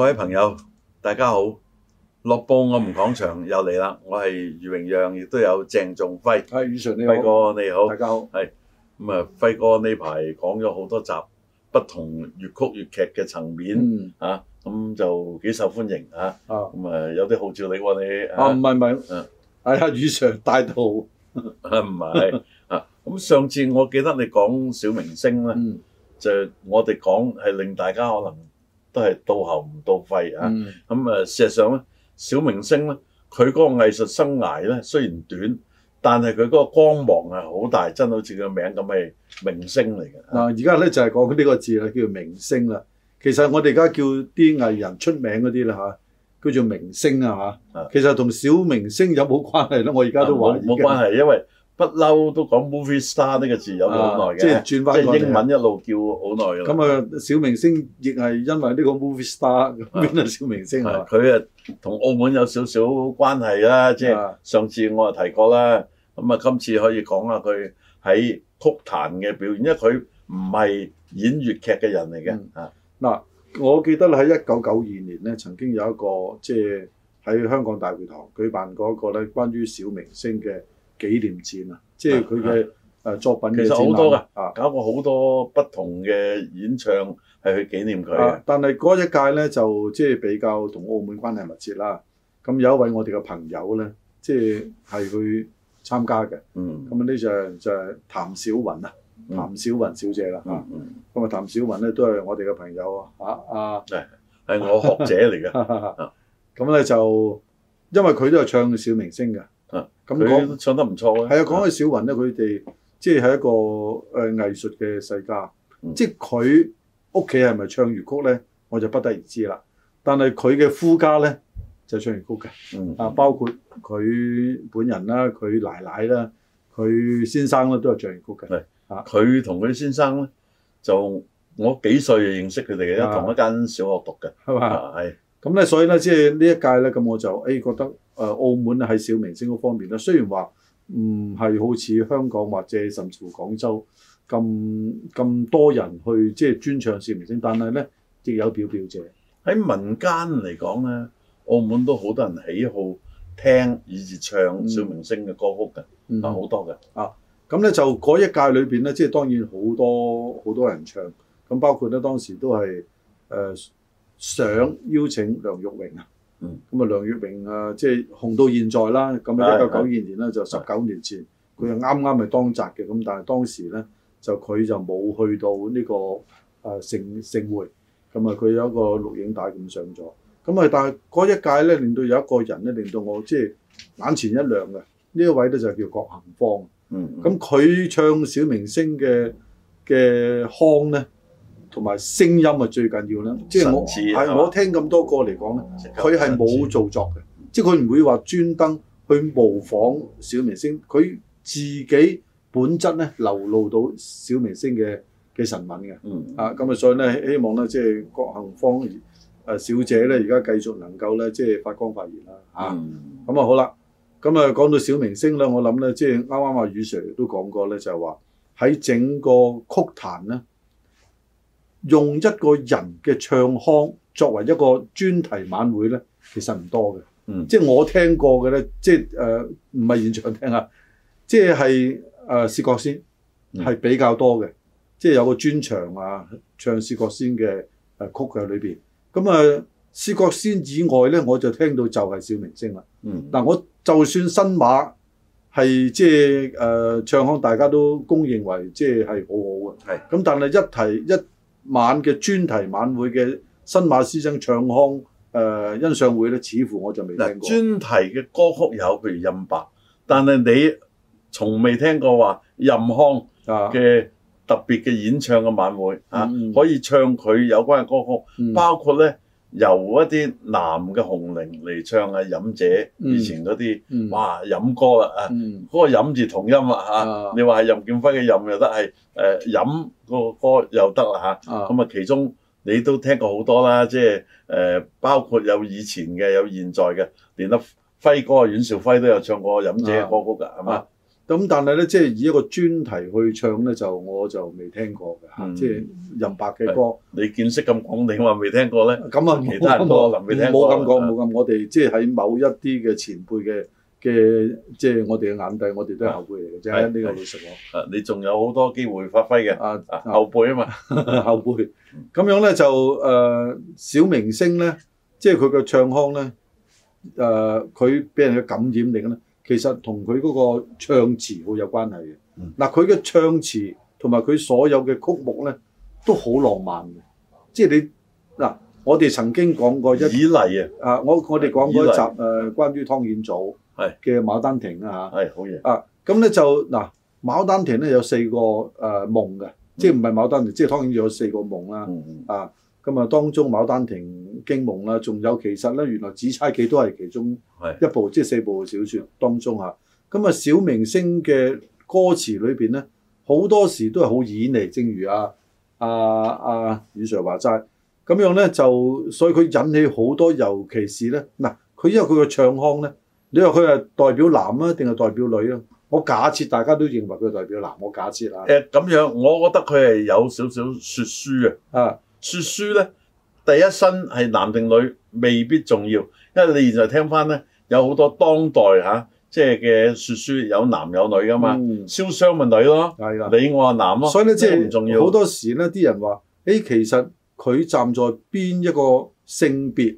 各位朋友，大家好！樂報我哋講場又嚟啦，我係余榮陽，亦都有鄭仲輝。係余 Sir，呢位哥你好，係咁啊，輝哥呢排講咗好多集，不同粵曲粵劇嘅層面啊，咁就幾受歡迎啊，咁啊有啲號召力喎你。啊唔係唔係，係阿余 Sir 大度。啊唔係啊，咁上次我記得你講小明星咧，就我哋講係令大家可能。都係到喉唔到肺嚇，咁誒事實上咧，小明星咧，佢嗰個藝術生涯咧，雖然短，但係佢嗰個光芒係好大，真係好似個名咁係明星嚟㗎。嗱，而家咧就係講呢個字啦，叫明星啦。其實我哋而家叫啲藝人出名嗰啲啦嚇，叫做明星啊嚇。其實同小明星有冇關係咧？我而家都話冇冇關係，因為。不嬲都講 movie star 呢個字有好耐嘅，即係轉翻個英文一路叫好耐咯。咁啊，小明星亦係因為呢個 movie star 邊個小明星啊？佢啊，同澳門有少少關係啦。即係上次我啊提過啦，咁啊，今次可以講下佢喺曲壇嘅表現，因為佢唔係演粵劇嘅人嚟嘅啊。嗱，我記得喺一九九二年咧，曾經有一個即係喺香港大會堂舉辦過一個咧，關於小明星嘅。紀念展啊，即係佢嘅誒作品係。其實好多嘅，搞過好多不同嘅演唱係去紀念佢、啊、但係嗰一屆咧就即係比較同澳門關係密切啦。咁有一位我哋嘅朋友咧，即係係去參加嘅。嗯。咁啊呢就係、就係、係、譚小雲啊、嗯，譚小雲小姐啦。嗯。咁啊、嗯、譚小雲咧都係我哋嘅朋友啊，係啊。啊啊。係係我學姐嚟嘅。咁咧就因為佢都係唱小明星㗎。啊、嗯！咁佢唱得唔錯嘅。係啊，講起小雲咧，佢哋、啊、即係一個誒藝術嘅世家。嗯、即係佢屋企係咪唱粵曲咧？我就不得而知啦。但係佢嘅夫家咧就係、是、唱粵曲嘅、嗯。啊，包括佢本人啦、佢奶奶啦、佢先生咧都係唱粵曲嘅。係啊，佢同佢先生咧就我幾歲就認識佢哋嘅，同一間小學讀嘅。係嘛？係。咁咧，所以咧，即係呢一屆咧，咁我就誒、哎、覺得，誒、呃，澳門喺小明星嗰方面咧，雖然話唔係好似香港或者甚至乎廣州咁咁多人去即係、就是、專唱小明星，但係咧亦有表表者，喺民間嚟講咧，澳門都好多人喜好聽以至唱小明星嘅歌曲嘅，好、mm-hmm. 多嘅啊，咁咧就嗰一屆裏面咧，即係當然好多好多人唱，咁包括咧當時都係誒。呃想邀請梁玉榮啊，咁、嗯、啊、嗯、梁玉榮啊，即、就、係、是、紅到現在啦。咁一九九二年咧、嗯、就十九年前，佢啊啱啱係當紮嘅。咁、嗯、但係當時咧，就佢就冇去到呢、這個誒盛盛會。咁、嗯、啊，佢有一個錄影帶咁上咗。咁、嗯、啊，但係嗰一屆咧，令到有一個人咧，令到我即係眼前一亮嘅。呢一位咧就叫郭恆芳。嗯，咁、嗯、佢唱《小明星的》嘅嘅腔咧。同埋聲音啊，最緊要啦！即係我係我聽咁多個嚟講咧，佢係冇做作嘅，即係佢唔會話專登去模仿小明星，佢自己本質咧流露到小明星嘅嘅神韻嘅。嗯啊咁啊，所以咧，希望咧，即係郭幸芳誒小姐咧，而家繼續能夠咧，即係發光發熱啦。嚇咁啊，啊嗯、好啦，咁啊講到小明星咧，我諗咧，即係啱啱阿雨 Sir 都講過咧，就係話喺整個曲壇咧。用一個人嘅唱腔作為一個專題晚會呢，其實唔多嘅。嗯，即係我聽過嘅呢，即係唔係現場聽啊，即係誒薛覺先係比較多嘅、嗯，即係有個專場啊唱薛覺先嘅、呃、曲喺裏面。咁啊，薛、呃、覺先以外呢，我就聽到就係小明星啦。嗯，嗱我就算新馬係即係誒、呃、唱腔，大家都公認為即係好好嘅。係，咁但係一提一。晚嘅專題晚會嘅新馬師曾唱腔誒、呃、欣賞會咧，似乎我就未聽過。專題嘅歌曲有，譬如任白，但係你從未聽過話任腔嘅特別嘅演唱嘅晚會嚇、啊啊嗯，可以唱佢有關嘅歌曲，嗯、包括咧。由一啲男嘅紅伶嚟唱啊，飲者以前嗰啲、嗯嗯、哇飲歌啦、嗯那個嗯、啊，嗰個、呃、飲字同音啊嚇，你話任劍輝嘅飲又得，係誒飲個歌又得啦嚇，咁啊，啊其中你都聽過好多啦，即係誒包括有以前嘅有現在嘅，連得輝哥阮兆輝都有唱過飲者嘅歌曲㗎，係、嗯、嘛？啊啊咁但係咧，即係以一個專題去唱咧，就我就未聽過嘅嚇、嗯。即係任白嘅歌，你見識咁廣，你點話未聽過咧？咁啊，其他歌我都未聽過，冇冇咁講，冇咁、啊。我哋即係喺某一啲嘅前輩嘅嘅、啊，即係我哋嘅眼底，我哋都係後輩嚟嘅即啫。呢個老實講，你仲有好多機會發揮嘅、啊。啊，後輩啊嘛， 後輩。咁樣咧就誒、呃，小明星咧，即係佢嘅唱腔咧，誒、呃，佢俾人嘅感染力㗎，其實同佢嗰個唱詞好有關係嘅。嗱、嗯，佢嘅唱詞同埋佢所有嘅曲目咧，都好浪漫嘅。即係你嗱，我哋曾經講過一以嚟啊，我講過啊，我哋講過一集誒、啊、關於湯顯祖嘅《牡丹亭》啊嚇、啊。好啊，咁咧就嗱，啊《牡丹、呃嗯、丹亭》咧有四個誒夢嘅，即係唔係《牡丹亭》，即係湯顯祖有四個夢啦、嗯。啊，咁、嗯、啊、嗯，當中《牡丹亭》。驚夢啦，仲有其實咧，原來紫釵記都係其中一部，是即係四部嘅小説當中嚇、啊。咁、嗯、啊，小明星嘅歌詞裏邊咧，好多時都係好旖旎。正如阿阿阿雨 Sir 話齋，咁樣咧就，所以佢引起好多，尤其是咧嗱，佢、啊、因為佢嘅唱腔咧，你話佢係代表男啊，定係代表女啊？我假設大家都認為佢係代表男，我假設啦。誒、欸，咁樣我覺得佢係有少少説書嘅。啊，説書咧。第一身係男定女未必重要，因為你現在聽翻咧，有好多當代嚇、啊、即係嘅説書有男有女噶嘛，蕭湘咪女咯，你我啊男咯，所以咧即係唔重要。好多時咧啲人話，誒、欸，其實佢站在邊一個性別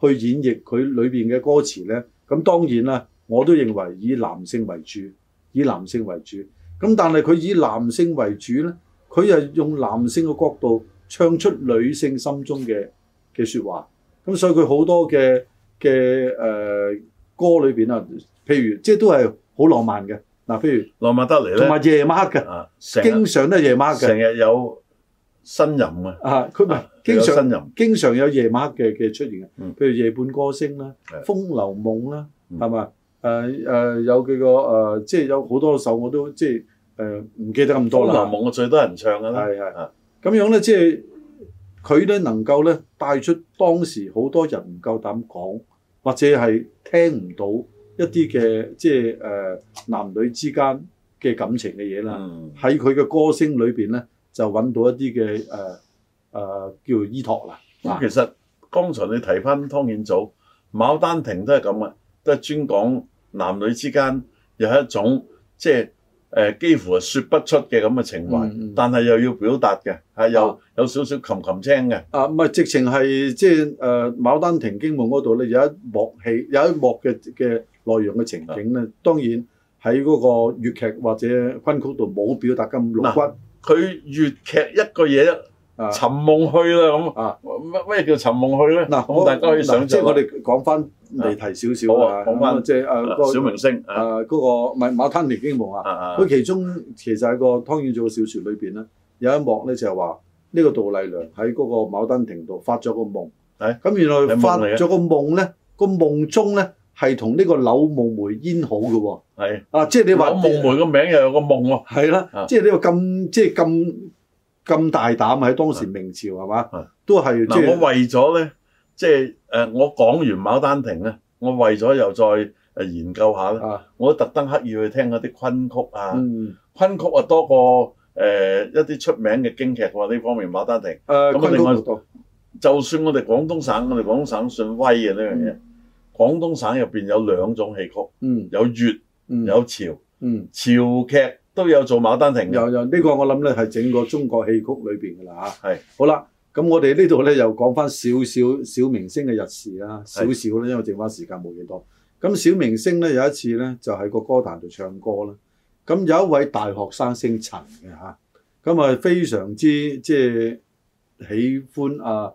去演繹佢裏面嘅歌詞咧？咁當然啦、啊，我都認為以男性為主，以男性為主。咁但係佢以男性為主咧，佢又用男性嘅角度。唱出女性心中嘅嘅說話，咁所以佢好多嘅嘅誒歌裏面啊，譬如即係都係好浪漫嘅嗱，譬如浪漫得嚟同埋夜晚黑嘅，經常都係夜晚黑，成日有新人啊，啊，佢唔係經常新、啊、經常有夜晚黑嘅嘅出現嘅、嗯，譬如夜半歌聲啦、啊，風流夢啦、啊，係、嗯、嘛，誒、呃、有佢個誒、呃，即係有好多首我都即係誒唔記得咁多啦，風流夢我最多人唱嘅啦，咁樣咧，即係佢咧能夠咧帶出當時好多人唔夠膽講，或者係聽唔到一啲嘅、嗯、即係誒、呃、男女之間嘅感情嘅嘢啦。喺佢嘅歌聲裏邊咧，就揾到一啲嘅誒誒叫做依託啦。咁、嗯、其實剛才你提翻湯顯祖、牡丹亭都係咁啊，都係專講男女之間有一種即係。誒幾乎說不出嘅咁嘅情懷，嗯、但係又要表達嘅、嗯，又有有少少琴琴聲嘅。啊，唔係直情係即係誒《牡丹亭驚夢》嗰度咧，有一幕戲，有一幕嘅嘅內容嘅情景咧。當然喺嗰個粵劇或者昆曲度冇表達咁。嗱、啊，佢粵劇一個嘢。啊、尋夢去啦咁啊，咩叫尋夢去咧？嗱、啊，咁大家可以想、啊啊、即係我哋講翻離、啊、題少少啊。講翻即係誒小明星誒嗰個唔係《牡丹亭》驚夢啊。佢、啊啊、其中其實喺個湯顯祖嘅小說裏面咧，有一幕咧就係話呢個杜麗娘喺嗰個牡丹亭度發咗個夢。咁原來發咗個夢咧，個夢，夢中咧係同呢個柳夢梅煙好嘅喎。係。啊，即係你話。柳夢梅嘅名又有個夢喎。係啦、啊，即係呢個咁，即係咁。咁大膽喺當時明朝係嘛，都係嗱我為咗咧，即係誒我講完牡丹亭咧，我為咗、即係呃、又再研究下咧、啊，我特登刻意去聽嗰啲昆曲啊，昆、嗯、曲啊多過誒、呃、一啲出名嘅京劇喎、啊、呢方面牡丹亭誒，咁另外就算我哋廣東省，我哋廣東省算威嘅呢樣嘢，廣東省入邊有兩種戲曲，嗯、有粵、嗯、有潮，潮、嗯、劇。都有做《牡丹亭》嘅，又又呢個我諗咧係整個中國戲曲裏邊嘅啦嚇。係。好啦，咁我哋呢度咧又講翻少少小明星嘅日事啦，少少咧，因為剩翻時間冇幾多。咁小明星咧有一次咧就喺、是、個歌壇度唱歌啦。咁有一位大學生姓陳嘅嚇，咁啊非常之即係、就是、喜歡啊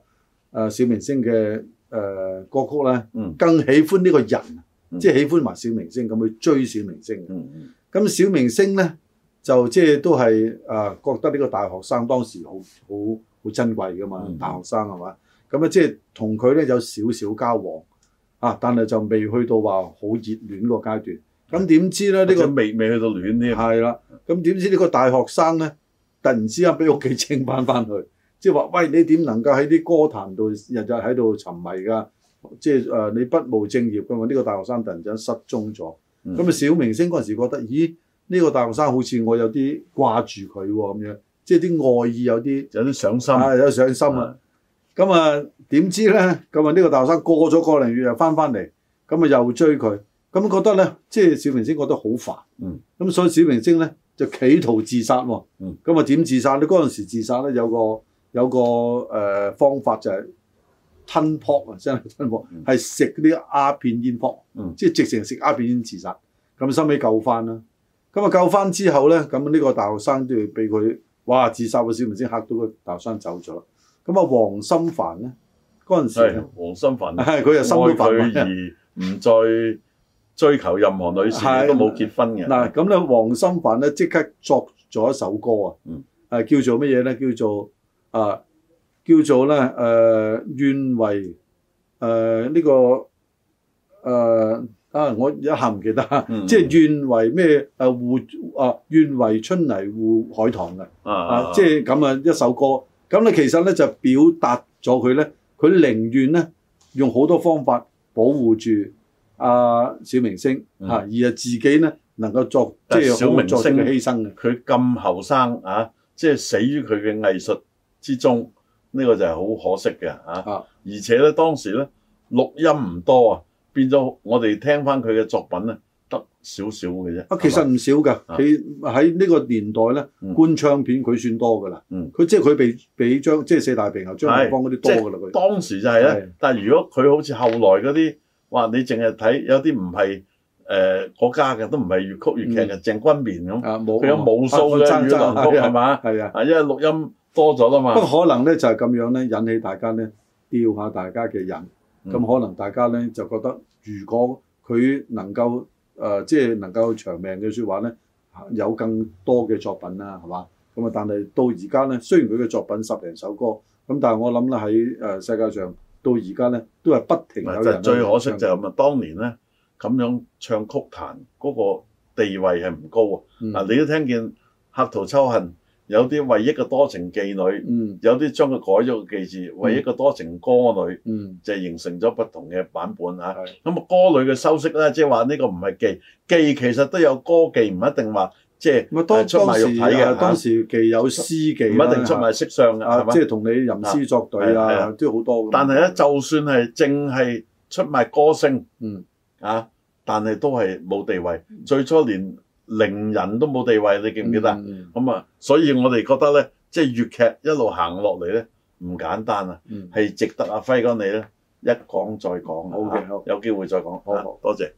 啊小明星嘅誒、啊、歌曲咧、嗯，更喜歡呢個人，嗯、即係喜歡埋小明星咁去追小明星。咁、嗯、小明星咧？就即係都係啊，覺得呢個大學生當時好好好珍貴噶嘛、嗯，大學生係嘛？咁啊，即係同佢咧有少少交往啊，但係就未去到話好熱戀個階段。咁點知咧？呢、呢個未未去到戀呢？係啦。咁點知呢個大學生咧，突然之間俾屋企請返翻去，即係話：喂，你點能夠喺啲歌壇度日日喺度沉迷㗎？即係誒，你不務正業㗎嘛？呢、呢個大學生突然之間失蹤咗。咁、嗯、啊，小明星嗰陣時覺得，咦？呢、這個大學生好似我有啲掛住佢喎，咁樣即係啲愛意有啲有啲上心啊，有啲上心啊。咁啊點知咧？咁啊呢個大學生過咗個零月又翻翻嚟，咁啊又追佢，咁覺得咧即係小明星覺得好煩。嗯。咁所以小明星咧就企圖自殺喎。咁啊點自殺？你嗰陣時自殺咧有個有個誒、呃、方法就係吞撲啊，真係吞撲係食啲鴉片煙撲、嗯。即係直情食鴉片煙自殺，咁收尾救翻啦。咁啊救翻之後咧，咁呢個大學生都要俾佢，哇！自殺嘅小明星先嚇到個大學生走咗啦。咁啊，黃心凡咧，嗰陣時黃心凡，佢 又心愛佢而唔再追求任何女士， 都冇結婚嘅。嗱，咁咧黃心凡咧即刻作咗一首歌、嗯、啊，叫做乜嘢咧？叫做啊，叫做咧誒、呃，願為誒呢、呃這個誒。呃啊！我一下唔記得，即、嗯、係、就是、願為咩？誒、啊、護啊！願為春泥護海棠嘅啊！即係咁啊，就是、一首歌咁，你其實咧就表達咗佢咧，佢寧願咧用好多方法保護住啊小明星、嗯啊、而係自己咧能夠作即係小明星犧牲嘅。佢咁後生啊，即、就、係、是、死於佢嘅藝術之中，呢、這個就係好可惜嘅、啊啊、而且咧當時咧錄音唔多啊。變咗，我哋聽翻佢嘅作品咧，得少少嘅啫。啊，其實唔少㗎，佢喺呢個年代咧，灌唱片佢算多㗎啦。嗯，佢即係佢被俾即係四大平喉張惠芳嗰啲多㗎啦。佢當時就係咧，但係、啊啊、如果佢好似後來嗰啲，話你淨係睇有啲唔係誒嗰家嘅，都唔係粵曲粵劇嘅，鄭君綿咁。冇。佢有無數嘅雨林係嘛？係啊。啊，啊，啊，因為錄音多咗啦嘛。不過可能咧就係咁樣咧，引起大家咧吊下大家嘅人。咁、嗯、可能大家咧就覺得，如果佢能夠即係、呃即係、能夠長命嘅說話咧，有更多嘅作品啦，係嘛？咁啊，但係到而家咧，雖然佢嘅作品十零首歌，咁但係我諗啦喺世界上，到而家咧都係不停有人。唔係、最可惜就係咪當年咧咁樣唱曲壇嗰個地位係唔高啊？嗱、嗯，你都聽見客途秋恨。有啲為一個多情妓女，有啲將佢改咗個妓字，為一個多情歌女，就形成咗不同嘅版本嚇。咁啊歌女嘅修飾咧，即係話呢個唔係妓，妓其實都有歌妓，唔一定話即係出賣肉體嘅嚇。當時妓有詩妓，唔一定出賣色相嘅，即係同你吟詩作對啊，都好多。但係咧，就算係淨係出賣歌聲，嗯啊，但係都係冇地位。最初連。令人都冇地位，你記唔記得？咁、嗯、啊、嗯，所以我哋覺得咧，即、就、係、是、粵劇一路行落嚟咧，唔簡單啊，係、嗯、值得阿輝哥你咧一講再講。好，好，有機會再講。好，好，好，多謝。